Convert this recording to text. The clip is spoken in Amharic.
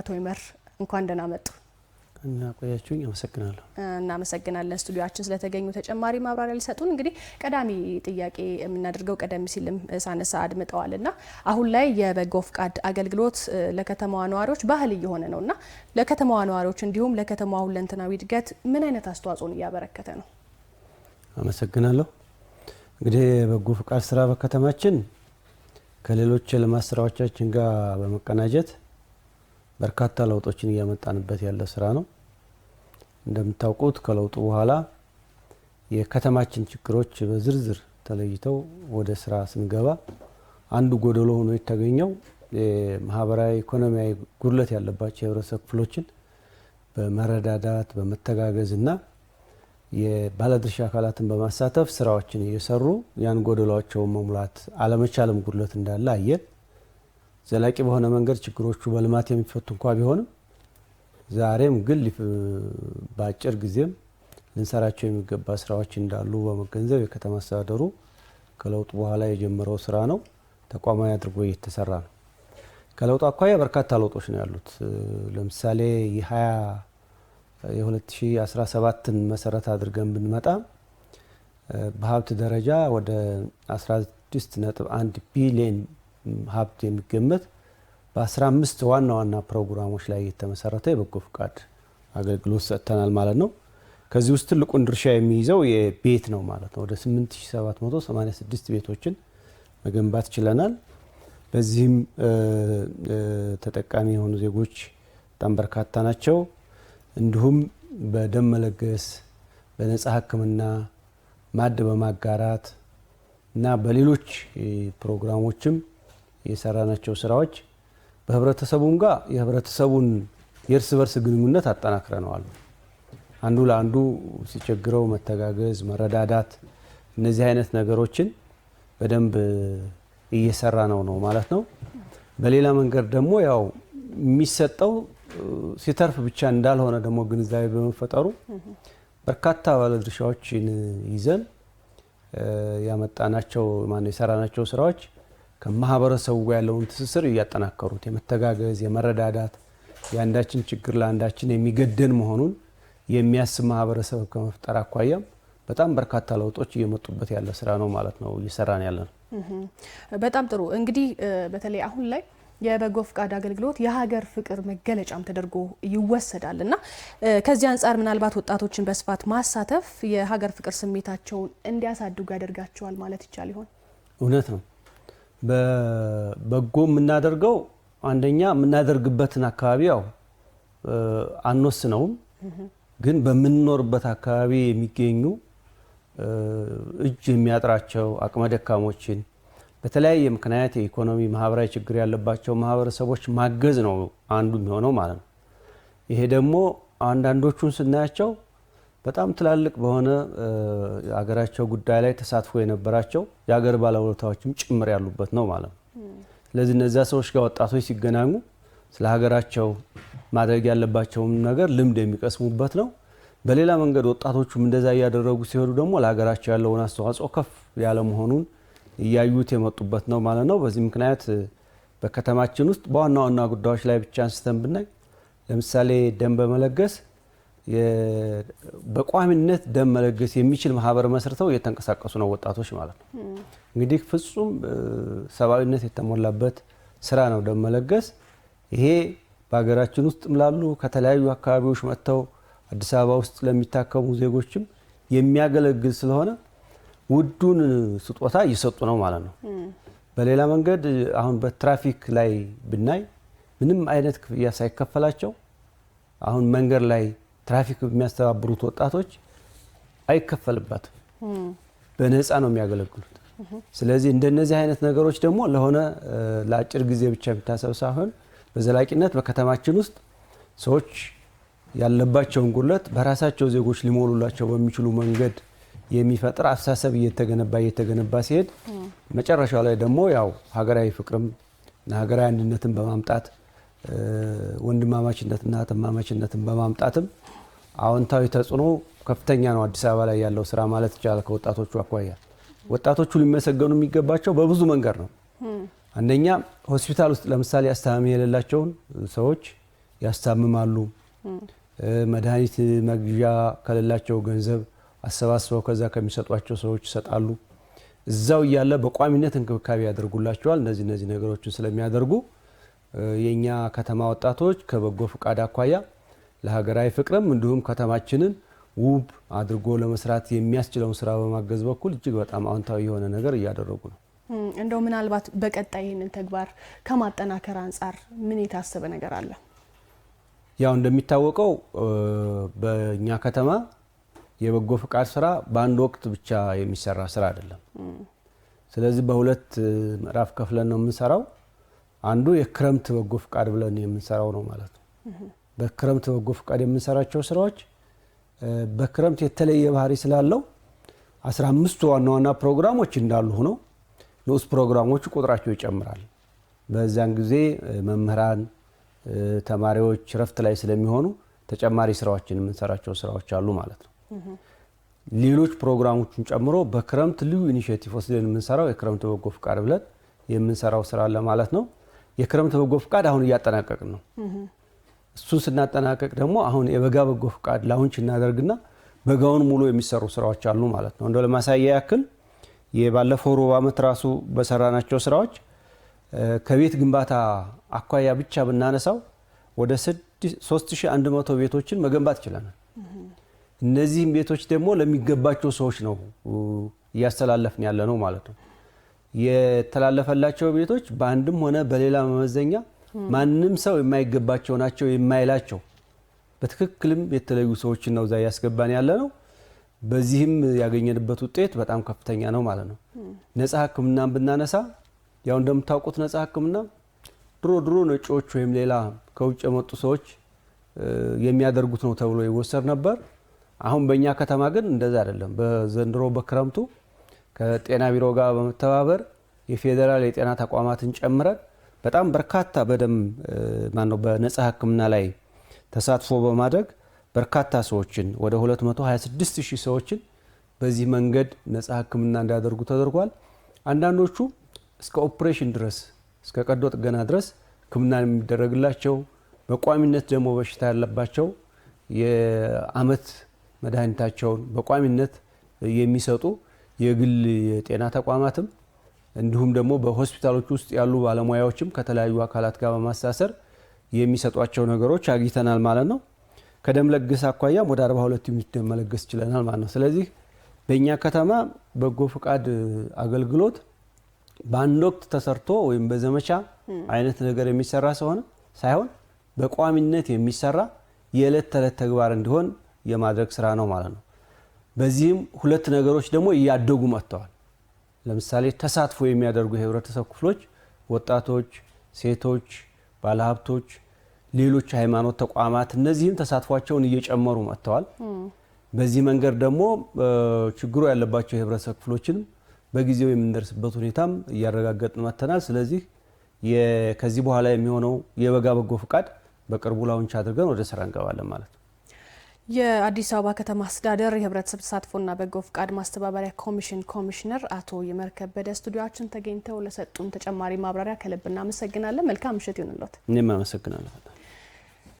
አቶ ይመር እንኳን ደህና መጡ። እና ቆያችሁኝ። አመሰግናለሁ። እናመሰግናለን ስቱዲዮችን ስለተገኙ ተጨማሪ ማብራሪያ ሊሰጡን። እንግዲህ ቀዳሚ ጥያቄ የምናደርገው ቀደም ሲልም ሳነሳ አድምጠዋል እና አሁን ላይ የበጎ ፍቃድ አገልግሎት ለከተማዋ ነዋሪዎች ባህል እየሆነ ነው እና ለከተማዋ ነዋሪዎች እንዲሁም ለከተማዋ ሁለንተናዊ እድገት ምን አይነት አስተዋጽኦን እያበረከተ ነው? አመሰግናለሁ። እንግዲህ የበጎ ፍቃድ ስራ በከተማችን ከሌሎች የልማት ስራዎቻችን ጋር በመቀናጀት በርካታ ለውጦችን እያመጣንበት ያለ ስራ ነው። እንደምታውቁት ከለውጡ በኋላ የከተማችን ችግሮች በዝርዝር ተለይተው ወደ ስራ ስንገባ አንዱ ጎደሎ ሆኖ የተገኘው ማህበራዊ፣ ኢኮኖሚያዊ ጉድለት ያለባቸው የህብረተሰብ ክፍሎችን በመረዳዳት በመተጋገዝ እና የባለድርሻ አካላትን በማሳተፍ ስራዎችን እየሰሩ ያን ጎደሏቸውን መሙላት አለመቻልም ጉድለት እንዳለ አየን። ዘላቂ በሆነ መንገድ ችግሮቹ በልማት የሚፈቱ እንኳ ቢሆንም ዛሬም ግን በአጭር ጊዜም ልንሰራቸው የሚገባ ስራዎች እንዳሉ በመገንዘብ የከተማ አስተዳደሩ ከለውጡ በኋላ የጀመረው ስራ ነው። ተቋማዊ አድርጎ እየተሰራ ነው። ከለውጡ አኳያ በርካታ ለውጦች ነው ያሉት። ለምሳሌ የ2017ን መሰረት አድርገን ብንመጣ በሀብት ደረጃ ወደ 16.1 ቢሊዮን ሀብት የሚገመት በ15 ዋና ዋና ፕሮግራሞች ላይ የተመሰረተ የበጎ ፈቃድ አገልግሎት ሰጥተናል ማለት ነው። ከዚህ ውስጥ ትልቁን ድርሻ የሚይዘው የቤት ነው ማለት ነው። ወደ 8786 ቤቶችን መገንባት ችለናል። በዚህም ተጠቃሚ የሆኑ ዜጎች በጣም በርካታ ናቸው። እንዲሁም በደም መለገስ፣ በነጻ ሕክምና፣ ማድ በማጋራት እና በሌሎች ፕሮግራሞችም የሰራናቸው ስራዎች በህብረተሰቡም ጋር የህብረተሰቡን የእርስ በርስ ግንኙነት አጠናክረነዋል። አንዱ ለአንዱ ሲቸግረው መተጋገዝ፣ መረዳዳት እነዚህ አይነት ነገሮችን በደንብ እየሰራ ነው ነው ማለት ነው። በሌላ መንገድ ደግሞ ያው የሚሰጠው ሲተርፍ ብቻ እንዳልሆነ ደግሞ ግንዛቤ በመፈጠሩ በርካታ ባለድርሻዎችን ይዘን ያመጣናቸው ማነው የሰራናቸው ስራዎች ከማህበረሰቡ ጋር ያለውን ትስስር እያጠናከሩት የመተጋገዝ የመረዳዳት የአንዳችን ችግር ለአንዳችን የሚገደን መሆኑን የሚያስብ ማህበረሰብ ከመፍጠር አኳያም በጣም በርካታ ለውጦች እየመጡበት ያለ ስራ ነው ማለት ነው እየሰራን ያለ ነው። በጣም ጥሩ እንግዲህ በተለይ አሁን ላይ የበጎ ፍቃድ አገልግሎት የሀገር ፍቅር መገለጫም ተደርጎ ይወሰዳል እና ከዚህ አንጻር ምናልባት ወጣቶችን በስፋት ማሳተፍ የሀገር ፍቅር ስሜታቸውን እንዲያሳድጉ ያደርጋቸዋል ማለት ይቻል ይሆን? እውነት ነው። በበጎ የምናደርገው አንደኛ የምናደርግበትን አካባቢ ያው አንወስነውም፣ ግን በምንኖርበት አካባቢ የሚገኙ እጅ የሚያጥራቸው አቅመ ደካሞችን በተለያየ ምክንያት የኢኮኖሚ ማህበራዊ ችግር ያለባቸው ማህበረሰቦች ማገዝ ነው አንዱ የሚሆነው ማለት ነው። ይሄ ደግሞ አንዳንዶቹን ስናያቸው በጣም ትላልቅ በሆነ የሀገራቸው ጉዳይ ላይ ተሳትፎ የነበራቸው የሀገር ባለውለታዎችም ጭምር ያሉበት ነው ማለት ነው። ስለዚህ እነዚያ ሰዎች ጋር ወጣቶች ሲገናኙ ስለ ሀገራቸው ማድረግ ያለባቸውን ነገር ልምድ የሚቀስሙበት ነው። በሌላ መንገድ ወጣቶቹም እንደዛ እያደረጉ ሲሄዱ ደግሞ ለሀገራቸው ያለውን አስተዋጽኦ ከፍ ያለ መሆኑን እያዩት የመጡበት ነው ማለት ነው። በዚህ ምክንያት በከተማችን ውስጥ በዋና ዋና ጉዳዮች ላይ ብቻ አንስተን ብናይ ለምሳሌ ደም በመለገስ በቋሚነት ደም መለገስ የሚችል ማህበር መስርተው እየተንቀሳቀሱ ነው ወጣቶች ማለት ነው። እንግዲህ ፍጹም ሰብአዊነት የተሞላበት ስራ ነው ደም መለገስ። ይሄ በሀገራችን ውስጥም ላሉ ከተለያዩ አካባቢዎች መጥተው አዲስ አበባ ውስጥ ለሚታከሙ ዜጎችም የሚያገለግል ስለሆነ ውዱን ስጦታ እየሰጡ ነው ማለት ነው። በሌላ መንገድ አሁን በትራፊክ ላይ ብናይ ምንም አይነት ክፍያ ሳይከፈላቸው አሁን መንገድ ላይ ትራፊክ የሚያስተባብሩት ወጣቶች አይከፈልባትም፣ በነፃ ነው የሚያገለግሉት። ስለዚህ እንደነዚህ አይነት ነገሮች ደግሞ ለሆነ ለአጭር ጊዜ ብቻ የሚታሰብ ሳይሆን በዘላቂነት በከተማችን ውስጥ ሰዎች ያለባቸውን ጉለት በራሳቸው ዜጎች ሊሞሉላቸው በሚችሉ መንገድ የሚፈጥር አስተሳሰብ እየተገነባ እየተገነባ ሲሄድ መጨረሻው ላይ ደግሞ ያው ሀገራዊ ፍቅርም ሀገራዊ አንድነትን በማምጣት ወንድማማችነትና ተማማችነትን በማምጣትም አዎንታዊ ተጽዕኖ ከፍተኛ ነው አዲስ አበባ ላይ ያለው ስራ ማለት ይቻላል። ከወጣቶቹ አኳያ ወጣቶቹ ሊመሰገኑ የሚገባቸው በብዙ መንገድ ነው። አንደኛ ሆስፒታል ውስጥ ለምሳሌ አስታማሚ የሌላቸውን ሰዎች ያስታምማሉ። መድኃኒት መግዣ ከሌላቸው ገንዘብ አሰባስበው ከዛ ከሚሰጧቸው ሰዎች ይሰጣሉ። እዛው እያለ በቋሚነት እንክብካቤ ያደርጉላቸዋል። እነዚህ እነዚህ ነገሮችን ስለሚያደርጉ የእኛ ከተማ ወጣቶች ከበጎ ፈቃድ አኳያ ለሀገራዊ ፍቅርም እንዲሁም ከተማችንን ውብ አድርጎ ለመስራት የሚያስችለውን ስራ በማገዝ በኩል እጅግ በጣም አዎንታዊ የሆነ ነገር እያደረጉ ነው። እንደው ምናልባት በቀጣይ ይህንን ተግባር ከማጠናከር አንጻር ምን የታሰበ ነገር አለ? ያው እንደሚታወቀው በእኛ ከተማ የበጎ ፍቃድ ስራ በአንድ ወቅት ብቻ የሚሰራ ስራ አይደለም። ስለዚህ በሁለት ምዕራፍ ከፍለን ነው የምንሰራው። አንዱ የክረምት በጎ ፍቃድ ብለን የምንሰራው ነው ማለት ነው። በክረምት በጎ ፈቃድ የምንሰራቸው ስራዎች በክረምት የተለየ ባህሪ ስላለው አስራ አምስቱ ዋና ዋና ፕሮግራሞች እንዳሉ ሆነው ንዑስ ፕሮግራሞቹ ቁጥራቸው ይጨምራል። በዚያን ጊዜ መምህራን፣ ተማሪዎች ረፍት ላይ ስለሚሆኑ ተጨማሪ ስራዎችን የምንሰራቸው ስራዎች አሉ ማለት ነው። ሌሎች ፕሮግራሞችን ጨምሮ በክረምት ልዩ ኢኒሽቲቭ ወስደን የምንሰራው የክረምት በጎ ፍቃድ ብለን የምንሰራው ስራ አለ ማለት ነው። የክረምት በጎ ፍቃድ አሁን እያጠናቀቅን ነው። እሱን ስናጠናቀቅ ደግሞ አሁን የበጋ በጎ ፍቃድ ላውንች እናደርግና በጋውን ሙሉ የሚሰሩ ስራዎች አሉ ማለት ነው። እንደ ለማሳያ ያክል የባለፈው ሩብ ዓመት ራሱ በሰራናቸው ስራዎች ከቤት ግንባታ አኳያ ብቻ ብናነሳው ወደ 3100 ቤቶችን መገንባት ችለናል። እነዚህም ቤቶች ደግሞ ለሚገባቸው ሰዎች ነው እያስተላለፍን ያለ ነው ማለት ነው። የተላለፈላቸው ቤቶች በአንድም ሆነ በሌላ መመዘኛ ማንም ሰው የማይገባቸው ናቸው የማይላቸው በትክክልም የተለዩ ሰዎችን ነው እዛ እያስገባን ያለ ነው። በዚህም ያገኘንበት ውጤት በጣም ከፍተኛ ነው ማለት ነው። ነጻ ሕክምናን ብናነሳ ያው እንደምታውቁት ነጻ ሕክምና ድሮ ድሮ ነጮች ወይም ሌላ ከውጭ የመጡ ሰዎች የሚያደርጉት ነው ተብሎ ይወሰድ ነበር። አሁን በእኛ ከተማ ግን እንደዛ አይደለም። በዘንድሮ በክረምቱ ከጤና ቢሮ ጋር በመተባበር የፌዴራል የጤና ተቋማትን ጨምረን በጣም በርካታ በደም ማነው በነጻ ህክምና ላይ ተሳትፎ በማድረግ በርካታ ሰዎችን ወደ 226 ሺህ ሰዎችን በዚህ መንገድ ነጻ ህክምና እንዲያደርጉ ተደርጓል። አንዳንዶቹ እስከ ኦፕሬሽን ድረስ እስከ ቀዶ ጥገና ድረስ ህክምና የሚደረግላቸው በቋሚነት ደግሞ በሽታ ያለባቸው የአመት መድኃኒታቸውን በቋሚነት የሚሰጡ የግል የጤና ተቋማትም እንዲሁም ደግሞ በሆስፒታሎች ውስጥ ያሉ ባለሙያዎችም ከተለያዩ አካላት ጋር በማሳሰር የሚሰጧቸው ነገሮች አግኝተናል ማለት ነው። ከደም ለግስ አኳያም ወደ 42 ዩኒት ደም መለገስ ችለናል ማለት ነው። ስለዚህ በእኛ ከተማ በጎ ፈቃድ አገልግሎት በአንድ ወቅት ተሰርቶ ወይም በዘመቻ አይነት ነገር የሚሰራ ሲሆን ሳይሆን በቋሚነት የሚሰራ የዕለት ተዕለት ተግባር እንዲሆን የማድረግ ስራ ነው ማለት ነው። በዚህም ሁለት ነገሮች ደግሞ እያደጉ መጥተዋል። ለምሳሌ ተሳትፎ የሚያደርጉ የህብረተሰብ ክፍሎች ወጣቶች፣ ሴቶች፣ ባለሀብቶች፣ ሌሎች ሃይማኖት ተቋማት እነዚህም ተሳትፏቸውን እየጨመሩ መጥተዋል። በዚህ መንገድ ደግሞ ችግሩ ያለባቸው የህብረተሰብ ክፍሎችንም በጊዜው የምንደርስበት ሁኔታም እያረጋገጥን መጥተናል። ስለዚህ ከዚህ በኋላ የሚሆነው የበጋ በጎ ፍቃድ በቅርቡ ላውንች አድርገን ወደ ስራ እንገባለን ማለት ነው። የአዲስ አበባ ከተማ አስተዳደር የህብረተሰብ ተሳትፎና በጎ ፍቃድ ማስተባበሪያ ኮሚሽን ኮሚሽነር አቶ ይመር ከበደ ስቱዲዮችን ተገኝተው ለሰጡን ተጨማሪ ማብራሪያ ከልብ እናመሰግናለን። መልካም ምሽት ይሁንልዎት። እኔም አመሰግናለሁ።